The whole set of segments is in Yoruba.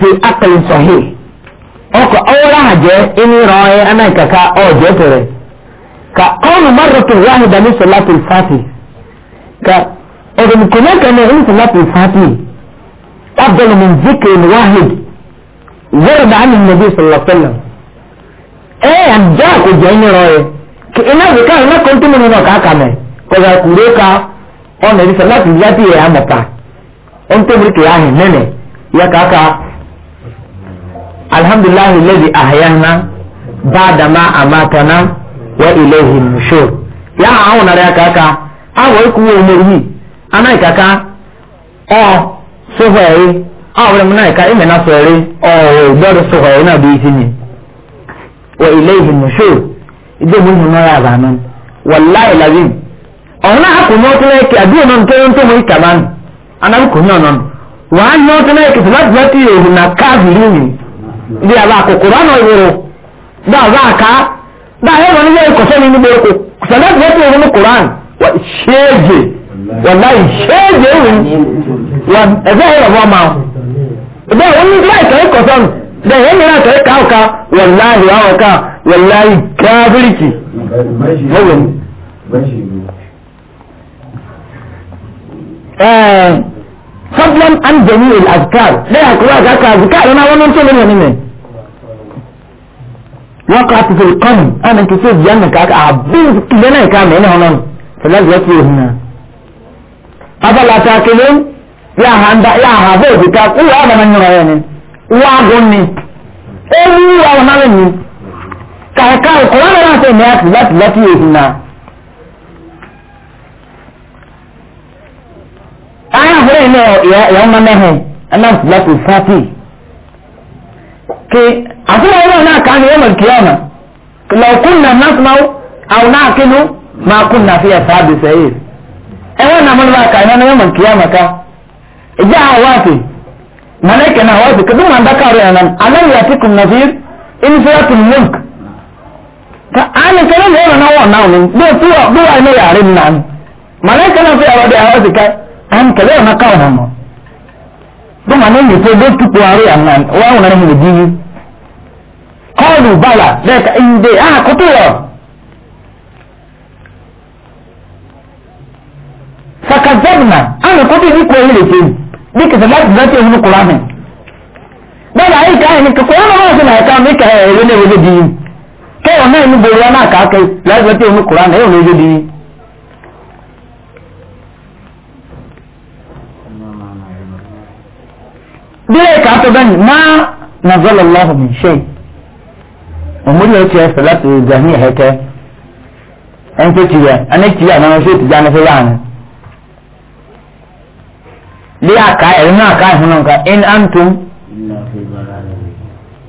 fi akalin sahih ọkọ̀ ọwọ́lá àjẹ́ inú ìran ẹ̀ anáìkàkà ọ̀jẹ́ tẹ̀rẹ̀ ka kọ́ọ̀nù márùtù wáhìdá ní sọ̀látì fàtì ka ọ̀dùn kọ̀mọ́kà ní ẹ̀yìn sọ̀látì fàtì abdul min zikirin wáhìd wọ́n bá ní nàbí sọ̀lọ́sọ̀lọ́ ẹ̀ àjẹ́ àkójẹ́ inú ìran ẹ̀ kì iná ìdíkà iná kọ́ńtù mi nà kàkà mẹ́ kọ̀dà kúrò ká ọ̀nà ìdí sọ̀látì yàtì ẹ̀ àmọ̀pá ọ̀ntẹ́bìrì kìí alhamdulillah alladhi ba ba'da ma amatana wa ilayhi nushur ya na ya kaka awu ku wo mori anai kaka o so hoye awu na ka imena so re o gboro so na bi tini wa ilayhi nushur ide mu no ya banan wallahi lazim ọ̀nà na tó lẹ́kì àdúrà náà tó na na bí a bá kòkòrò àná ìwòrò bá a bá a ká bá a yẹ wọn nílé ìkọ̀sẹ́ mi níbo kò sọ̀dọ̀ tó tó wọn ní koran wọ́n ṣéèjì wọ́n láì ṣéèjì ìwé wọn ẹ̀fẹ́ ọ̀rọ̀ fún ọmọ ọ̀bẹ wọn ní ilé ìkọ̀ ìkọ̀sẹ́ mi bẹ́ẹ̀ yẹn nílé ìkọ̀ ìkọ̀ ọ̀ka wọ́n láì àwọn ọ̀ka wọ́n láì káfíríkì فضلا عن جميع الاذكار لا يقول اذكار اذكار انا وانا وقعت في القلب انا كسيت جنك عبين لنا كام هنا هنا فلا يأتي هنا أفلا تاكلون يا هندا يا هذا بتاك ولا أنا من يراين وأغني أولي أو نامي كاكا القرآن لا سمعت لا لا تيهنا أنا هنا يا يا ما نهى أنا لا تفاتي ke asuma yau na kan yau kiyama law kunna nasma'u aw naqilu ma kunna fi ashabi sa'ir e wannan mun ba kan yau man kiyama ka ja awati malaika na awati kaza man da karo nan alam yatikum nazir in suratul mulk ka ana kana ne na wannan ne do tuwa do ai ne yarin nan malaika na fi awati awati ka an kaza na kawo nan dọ́mà náà yìí tó dé tukọ̀ àárọ̀ àná wọ́n àwọn ọ̀nà ìdí yìí kọ́ọ̀lù bàlà lẹ́ka ìdè àkótó rọ̀ sakazabna àwọn kótó ní kò ilé ṣe bí kìsẹ̀ láti bá tẹ̀ nínú kùránì bẹ́ẹ̀ náà ìka ẹni kòkó ọ̀nà wọn sì náà ẹ̀ka mi kà ẹ̀rẹ́ ní ewébé di yìí kẹ́wọ̀n náà ní gbòòrò náà kàákẹ́ láti bá tẹ̀ nínú kùránì ẹ̀rọ ní ewébé di yìí bílẹ̀ ka tó bẹ́ẹ̀ ni má nàzọ́lọ̀ lọ́hùn mi ṣe òmùdí ó salatu sọ láti ìgbàmí ẹ̀hẹ́tẹ́ ẹni tó ti yẹ ẹni tí yẹ àwọn ọmọ ìjà ní fúlà ni. lé àká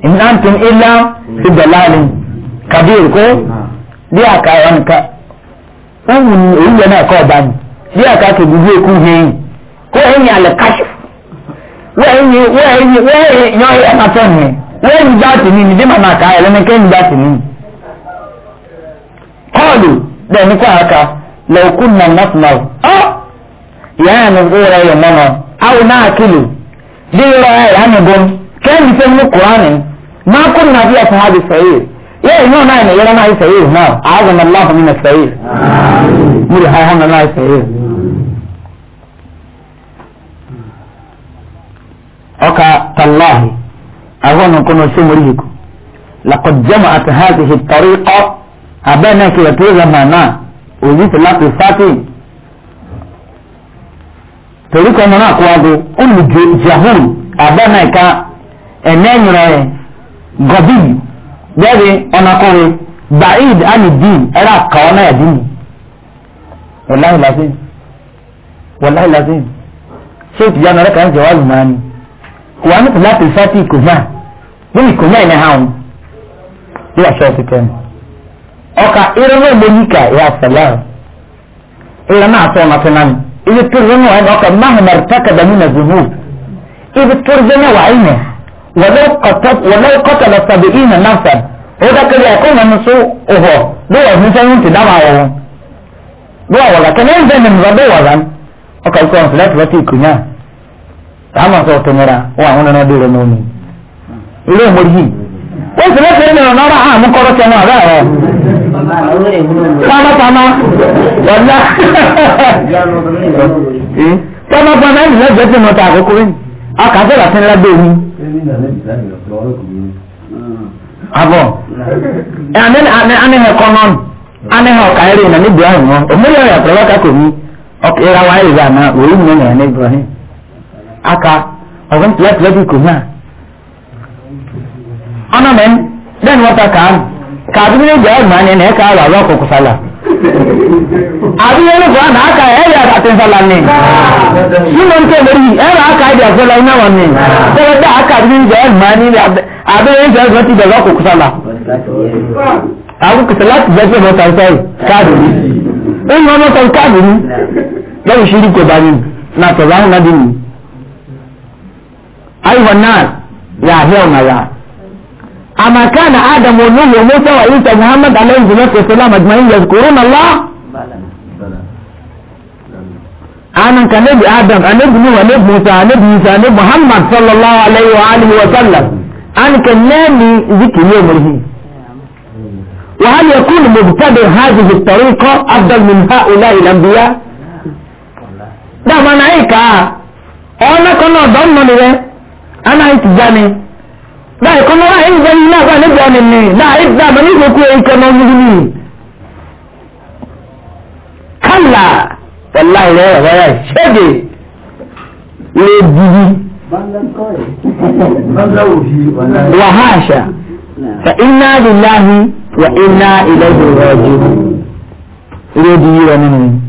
in antum in illa fi dalalin kabir ko lé aka ẹ̀rọ nìkan wọ́n wù ní èyí yẹn aka ni lé àká kò wẹ́ẹ̀yìn wẹ́ẹ̀yìn wẹ́ẹ̀yìn yan ẹ̀ máa tẹ̀ mí wẹ́ẹ̀yìn jáàtì mi nìdí màmá ká ẹlẹ́mẹ̀kẹ́yìn jáàtì mi. kọ́ọ̀lù bẹ́ẹ̀ ní kọ́ àká lẹ́ọ̀kún náà nàfùmá o. ọ́ ìyá yẹn ní wúrọ̀ ẹ̀yẹ̀ mọ́nà àwọn náà kìlò bí rọ ẹ̀yà nìbọn kẹ́hìn fẹ́ mú kùránì máa kún náà bí ẹ̀sìn hábi sẹ́yìn yẹ́ẹ̀ yóò náà ẹ̀yẹ̀ náà sẹ́yìn náà ààbò náà láàbò mi náà sẹ́yìn. mo lè ha ẹ̀hán náà sẹ́yìn. أكا تالله أظن كنا سمريكو لقد جمعت هذه الطريقة أبانا كي يتوزى مانا وزيت لك الفاتي تريكو منا قوادو كل جهول أبانا كا أنين رأي غبي داري أنا قوي بعيد عن الدين أرى كونا دين والله العظيم والله العظيم شوف جانا لك عن جواب ماني kò wá ní kò láti sátì kò máa bí mi kò máa ní hàn ní àṣọ òkùnkùn ọkà ìrànwọ́ ìmọ̀nyíkà ìyá àfẹ́lẹ́ ìrànwọ́ àtọ ọ̀nà tó nánu ibi tó rẹ̀ náà wà ọkà máhùn náà tẹ́kẹ̀ dání nà zùmù ibi tó rẹ̀ náà wà ìnà wọ́lẹ́ kọ́tà lọ sàbẹ̀ ìnà náà sà ó dákẹ́lẹ́ ẹ̀kọ́ náà nso ọ̀họ̀ bí wọ́n fún sẹ́yìn ti dáwà ọ̀hún bí wọ́n wọ̀lá kẹ́ sáàmà sọ tẹmẹra ó àwọn nana dèrè mọ mi ilé ìmọ̀lì yìí ó sì lè fẹ́ẹ́ mẹ́rin náírà àmú kọ́rọ́ tẹnu àbẹ́ rẹ̀ pámápámá wọ́lá eh? pámápámá ẹ̀mí lọ́jọ́ tí mo ta àkókò rẹ̀ akásẹ̀ láti ńlá dé mi. àbọ̀ anihẹ̀ kọ́nọ́ anihẹ̀ ọ̀kà ẹ̀rẹ̀ ìnáni ibrahim wọn òmùlẹ̀ ọ̀yà pẹ̀lú ọ̀kà kò ní ìrawà ẹ̀rẹ̀ àná òun mú ẹ̀yà ní ibrahim aka ọ̀gbọ́n tìyà tìyà bí kò náà. ọ̀nà mẹ́rin bẹ́ẹ̀ni wọ́n ta kàán kàbí ní ìjà ọ̀gbọ́n ni ẹ̀ka àrà ọ̀rọ̀ kòkò sálà. àbí yẹn lóko àná aka ẹ̀yà àti nsàlà ni. nínú ní kéwòn yìí ẹ̀rọ aka ẹ̀dì àfẹ́lá iná wọn ni. sọ̀rọ̀ bá aka àbí ní ìjà ọ̀gbọ́n ni àbí yẹn ìjà ọ̀gbọ́n ti dẹ̀ ọ̀rọ̀ kòkò sálà. àwọn kòkò sálà ti bẹ́ẹ̀ tí wọ́n ta أيها الناس يا هيونا يا أما كان آدم ونوح وموسى وعيسى محمد عليه الصلاة والسلام أجمعين يذكرون الله أنا كنبي آدم أنبي نوح أنبي موسى أنبي عيسى أنبي محمد صلى الله عليه وآله وسلم أنا كنامي ذكر يومه وهل يكون مبتدئ هذه الطريقة أفضل من هؤلاء الأنبياء؟ ده منعيك أه أنا كنا ضمن ana itijani na ikono wa eyi zani na ba nebo ni ni na idda ma ni goku e ikono mugini kala wallahi le wa ya shede le bibi wa hasha fa inna lillahi wa inna ilaihi raji'un le bibi wa nini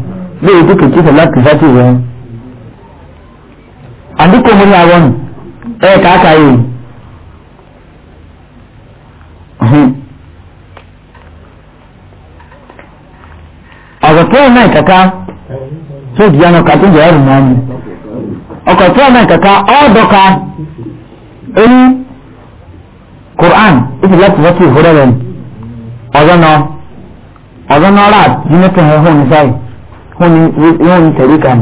lórí kó kèké sọ láti fẹ́ tó wọ́n. àdúgbò mo ní àwọn ẹ káàkà yìí. ọ̀rọ̀ tó ọ̀nà ìkàkà tó di ọ̀nà kàtó jẹ́ ẹ̀rù mọ́ mi. ọkọ̀ tó ọ̀nà ìkàkà ọ̀ọ́dọ̀ka ẹni quran ìfi láti fẹ́ tó ìhóró rẹ̀ ọ̀dọ́nà ọ̀dọ́nà ọ̀rà jìnnà tó ń hó ní sáyìí wọ́n ń tẹ̀lé kan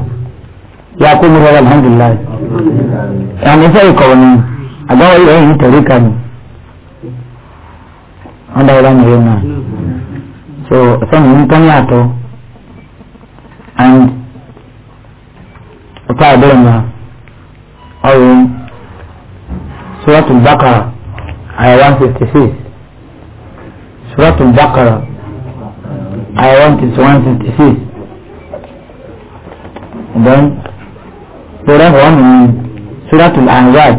yà kó mi rọra alhamdulilayi yàrá iṣẹ́ ìkọ̀wé ni àgbáwọ̀ ilẹ̀ yìí ń tẹ̀lé kan wọ́n dá ìlànà yẹn náà so sọ́nà ń tán yàtọ̀ and ọ̀pá àbẹ̀rẹ̀ náà ọ̀rọ̀ suratul bakara ayé one fifty six suratul bakara ayé one fifty one fifty six. then surah one in surah al-anzab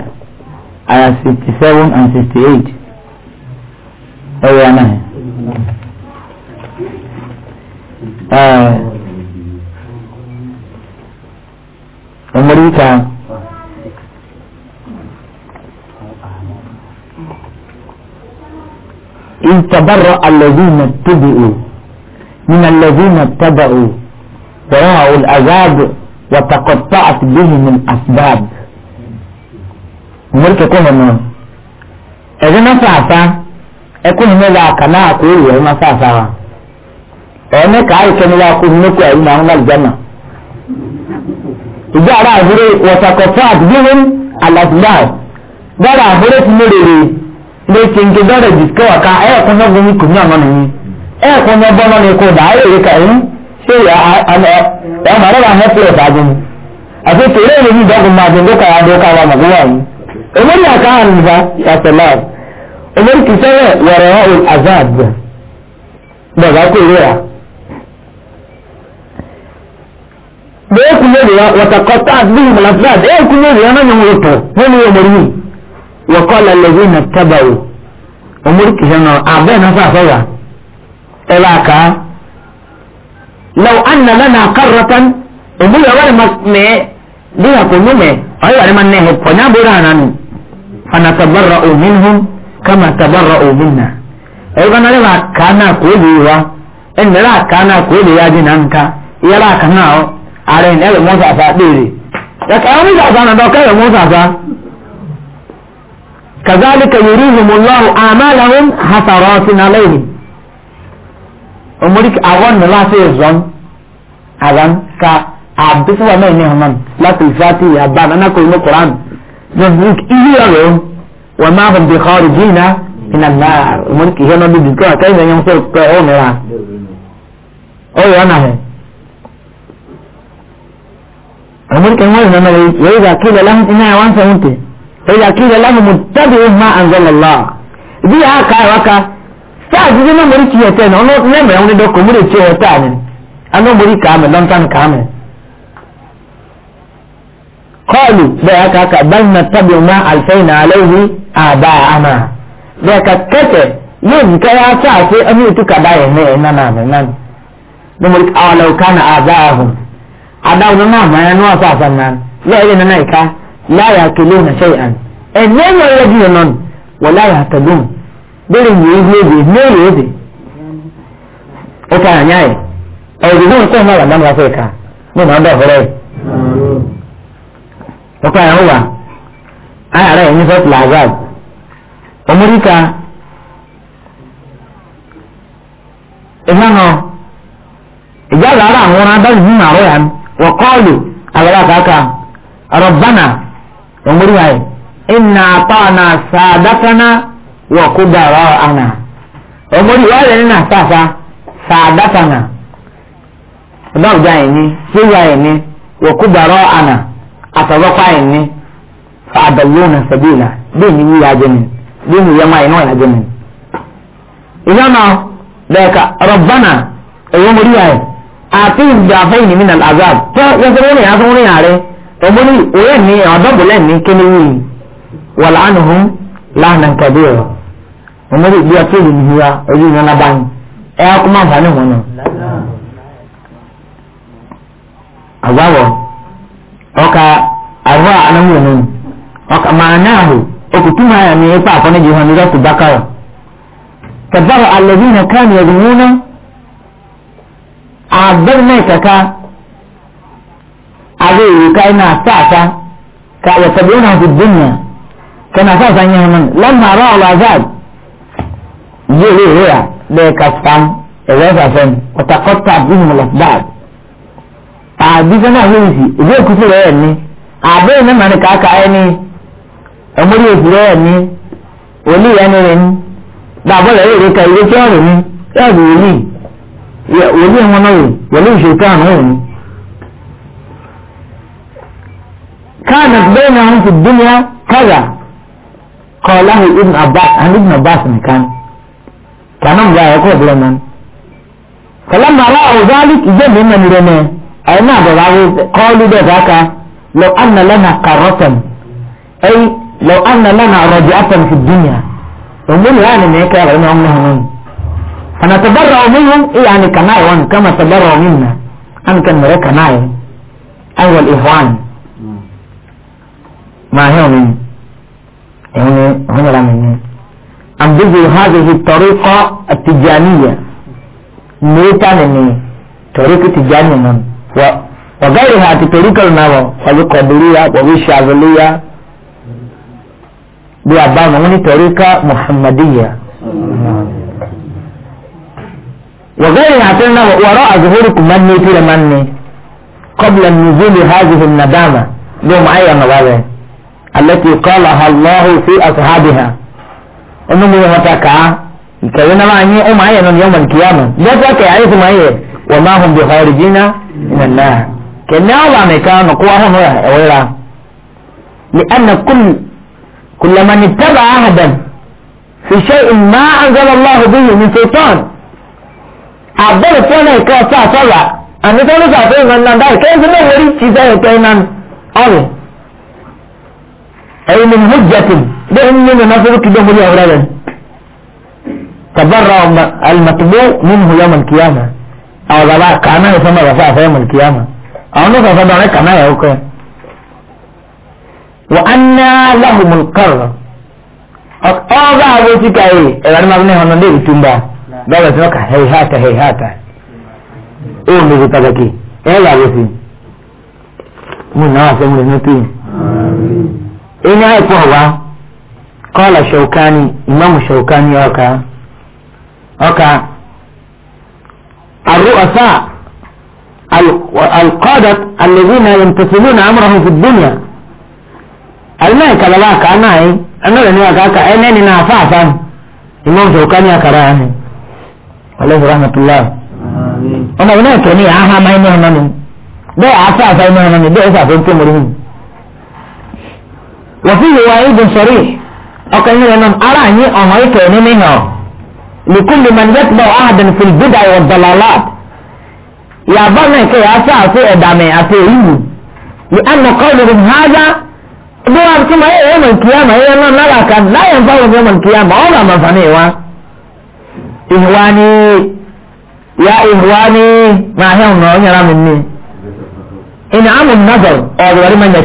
67 and 68 أي معنى أمريكا إن تبرأ الذين اتبعوا من الذين اتبعوا ورأوا العذاب وتقطعت بهم الأسباب mọ̀lùkẹ́ kọ́ mọ̀ náà ẹ̀dín náà fàáfà ẹkún ní mẹ́lá àkànná àkóòrò ẹ̀rọ náà fàáfà wa ẹ̀rọ mẹ́ka àìkẹ́ ní wàá kó ní mẹ́kọ̀ ẹ̀rọ náà ńlá ìjánà ìgbà ara àbúrò wọ̀tàkọ̀tà àdúgbò àlàdúgbà dára àbúrò ti mú rèrè lè ṣe nké dára jù kẹwàá pé ẹ̀ ọmọ àdọ́gba hẹ́pì ọ̀tà àjò ni àti kèrè ìlú ní ìdọ́gùn máa jẹ́ ndókà àdókà ya màgbó wà ní. omori àká ànìfà ṣàṣẹlá omori kì í sẹ́rẹ̀ wọ̀rọ̀ ọ̀hún azad bàbá kò rí ra. ya kú lórí wa wọ̀tàkọ́tà bí ìmọ̀lásílá bẹ́ẹ̀ kú lórí ya náà yẹn wani ya nínú omori yìí wọ́kọ́ lẹ́lẹ́wé nà tábàwò omori kì na sẹ́rẹ̀ náà àbẹ́ لو أن لنا قرة أمي أول مكمي دي أقول نمي أي أول من نهب فنا برانا فنتبرأ منهم كما تبرأوا منا أيضا لما كان قولي و إن لا كان قولي يا جنانك إيا لا كان أرين أول موسى فأديري لك أول موسى فأنا أول موسى فأنا كذلك يريهم الله أعمالهم حسرات عليهم umarik awan na lati zon awan ka abisa wa mai ne haman lati fati ya ba na ko no qur'an dan nik iya ro wa ma hum bi kharijina min an-nar umarik ya no bi ka kai ne yam so ko o mera o ya na he umarik en wani na le ya ga kila lahum ina wan sa unte ya kila lahum muttabi'u ma anzala bi aka waka saa didi na mori tiɛ tɛ na ɔno ne mɛ ɔno dɔkɔ mori tiɛ wɔ taa ne ano mori kaa mɛ lɔntan kaa mɛ kɔɔlu bɛɛ aka aka bal na tabi ma alfɛn na alɛyi aba ama bɛɛ ka kɛtɛ yóò di ka yaa saa se ɛmi etu ka da yɛ mɛ ɛna na mɛ nan ne mori awalaw kan na aba ahu adaw na naa mɛ ɛnu asa asa nan yɛ ɛyɛ nana yi ka laa yaa kele na sɛ yi an ɛnyɛ e nyɛ yɛ di yɛ nɔn wɔ laa yaa ta dum bẹ́ẹ̀rẹ̀ yìí ní èdè ní èrè èdè ó ká àyà ẹ̀ ọ̀rọ̀ ìdílé nǹkan náà wà dáná wá fẹ́ẹ̀ka ní ìmọ̀ ọ̀dọ̀ ọ̀fẹ́rẹ́ ọ̀pá ẹ̀ ń wà ayàrá ẹ̀ ní fẹ́ plazad ọmọdéka ìmáhàn ìjáàlá ara àwọn adájú nínú àárọ̀ yà wọ́n kọ́ọ̀lù àlọ́lá kàkà ọ̀rọ̀ bánà ọmọdéka ẹ̀ ìnà àpá ọ̀nà sàdákaná wa kudara ana omori wa le na tafa saadata na ọdọ ọjà ẹni síwá ẹni wa kudara ana àtọwọkọ ẹni fàdàlú na sàbílà bẹẹ ni wíwá jẹ mi bẹẹ ni yẹmọ ẹni wà jẹ mi. ìyá náà dẹ̀ka rọ̀bánà ẹ̀yọ́ mori wa àti ìdàfẹ́ ìnìmí nà azab tó wọ́n sọ wọ́n ọmọdé òwe ni ọ̀dọ́bùlẹ̀ ni kéde wíì wàlánù hùn lánàá kàdé ọ̀rọ̀ wọn lè bí ọtí ìlú ìhura ojú ìran náà báyìí ẹ á kó má fà ní wọn náà. àgbáwọ̀ ọkà àrùwà anáwó ẹ̀nà ni ọkà màá náà hù òkùtù máa yà ní ipa àfọ́nẹ́jì hàn ní rẹ́pù bákàrọ̀. kẹfàrọ̀ àlẹ́bí náà káàní ẹ̀rù wọn náà àbẹ̀rẹ̀ náà kàkà àbẹ̀ èrè káyìn náà sáàsá kà yàtọ̀ bí wọn náà ti dùn náà kẹ́ náà sáàsá yẹn hàn náà lẹ́nu àrọ́ ọ̀làzáàdì ìbéèrè rẹ̀ lẹ́ẹ̀ka fam ẹ̀rọ ìfàfẹ́m ọ̀tàkọ́tà bímọ lọ́fbàd. àbíjọ́ náà ló yìí sí ìdí òkúsù rẹ̀ ẹ̀ ní àbẹ́rẹ́ náà màní kàákà ẹ̀ ní ọmọdé òkú rẹ̀ ẹ̀ ní òní ìyá ni rẹ̀ ní bàbá rẹ̀ rẹ̀ ka ìwé tí wọ́n rẹ̀ ní ẹ̀rù òní òní ìwọn náà wọlé ìṣètò àná òní. كانت بينهم في الدنيا كذا قاله ابن عباس عن ابن عباس كان kanam ga ya ko bleman kalamma ra'u zalik idan min rene ay na da rawo qalu da zaka law anna lana qarratan ay eh, law anna lana raj'atan fi dunya ومن يعني ما يكره إن أمنا هنون فنتبرع منهم إيه يعني كناي وان كما تبرعوا منا أن كان مريك كناي أول إخوان ما هي من يعني هم لا مني عم أنجزوا هذه الطريقة التجانية نيتان إني طريقة تجانية من وغيرها تطريقة النوى والقبلية وبالشعبلية bí àbámu wọn ní tẹ̀ríkà muhammadiya. وغيرها عطينا وراء ظهوركم من نيتي لمن قبل النزول هذه الندامة لهم أي مبادئ التي قالها الله في أصحابها ọmọ mi wọn ta kàá nkẹ̀wé náà máa yín ọmọ ayẹ̀ náà ni ọmọ nkìyàmù lọ́sẹ̀ kẹ̀ ayé tó máa yẹ wọ́n máa hùn bí ọ̀rẹ́ jìnnà nìyẹnà kẹ̀ní ọ̀là nìkan nù kó ahọ́n rẹ̀ ẹ̀wẹ́ra lè ẹnna kùn kùlẹ̀mọ̀nì tábà áhàdàn fi ṣe ìmọ̀ àgọ́lọ́láhùn bí yìí ní ṣètọ́n àbẹ̀rẹ̀ fún ẹ̀ kẹ́ ọ̀sọ́ àsọ̀rà àmì tó ń sọ àfẹ́ ìmọ̀ náà dáì kẹ́hìn náà wọ́n rí ti sẹ́yìn tẹ́ ده من يوم الناس يقول كده مولي أولادا تبرع المطبوع منه يوم القيامة أو لا كانا يسمى رفع في يوم القيامة أو نفع فدعنا كانا يوكا وأنا لهم القرة أقاضى أبوتي كأي إذا ما بني هنا دي بتنبع قالت لك هيهاتا هيهاتا إيه اللي بتبكي إيه يا أبوتي من ناسي من نتين إيه نهاية قال شوكاني إمام شوكاني أوكا أوكا الرؤساء القادة الذين يمتثلون أمرهم في الدنيا الملك لباك أناي أنا لن يوكاك أنني نافعفا إمام شوكاني أكراني عليه رحمة الله أنا هناك ني أها ما ينهنني ده أفعفا ينهنني ده أفعفا ينتمرني وفيه وعيد صريح ọkàn yẹn lọ́nà ara yín ọ̀hún ìtọ̀ ní nìyàn lùkúlù mẹ́tẹ́tẹ́ ọ̀hádùn fìlbídà wọ̀ dọ̀làlá yàbá náà kẹ́ yà sá àti ẹ̀dàmẹ̀ àti èyíwù yìí àná kọ́lù rẹ̀ hájá bí wọ́n ti máa yẹ mọ̀ kíá mà yẹ náà nára kan láyé ń fáwọn yẹ mọ̀ kíá mà ọ̀rọ̀ àmọ̀ fani wa ìhùwani ya ìhùwani máa hẹ́ ọ̀nà ọ̀nyàrá mi ní ìnà àmọ̀ ọ̀rọ̀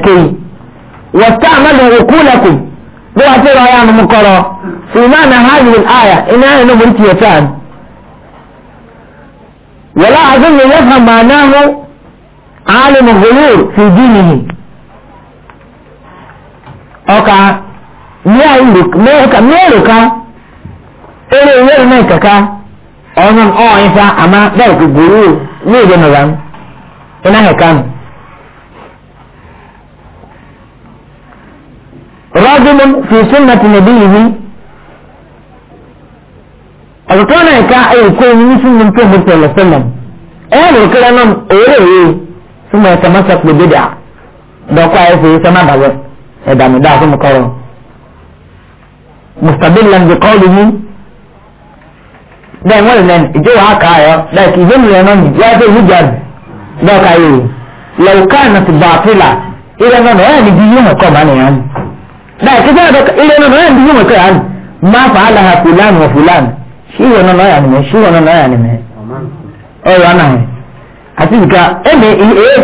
wọ́n tá àmàlẹ̀ òkú bó wa ti rọ ya nu mu kọrọ sùnmọ́ na ha yìí àyà iná yẹn ló mú tiẹ̀ tán. wọ́lá àdúgbò yẹn fà máa náà hó àálùmọ̀ gbòòrò sí dínì yìí. ọkà mẹ́rù ká eré ìwéèrè náà kàkà ọ̀nà ọ̀ọ́yìn fa àmà bẹ́ẹ̀ kò gbòòrò ní ìdè nìyà iná yẹn kánú. رجل في سنة نبيه ọ̀tọ́nà ẹ̀ka ẹ̀kọ́ ẹ̀mí ní sínú tó bó tẹ̀lé sẹ́lẹ̀m ẹ̀rọ kílẹ̀ náà òwúrọ̀ yìí súnmọ́ ẹ̀ka máa sọ̀pọ̀ gbéjà dọ́kọ́ ayé fi sẹ́mà dàwọ̀ ẹ̀dàmídà fún mi kọ́rọ̀ mustabil lamdi kọ́ọ̀lù yìí bẹ́ẹ̀ wọ́n lè nẹ́ni ìjọ wàá kà á yọ láìkì ìjọ mi lẹ́nu jáde hijab dọ́kọ́ ayé lẹ́wọ̀ká náà ti bàtìlà ìrẹ́nà náà ẹ̀ da ka ga da irin nan nan biyu maka an ma fa ala ha fulan wa fulan shi wannan nan ya ne shi wannan nan ya ne o oh, ya na ati nka ene eh, e eh,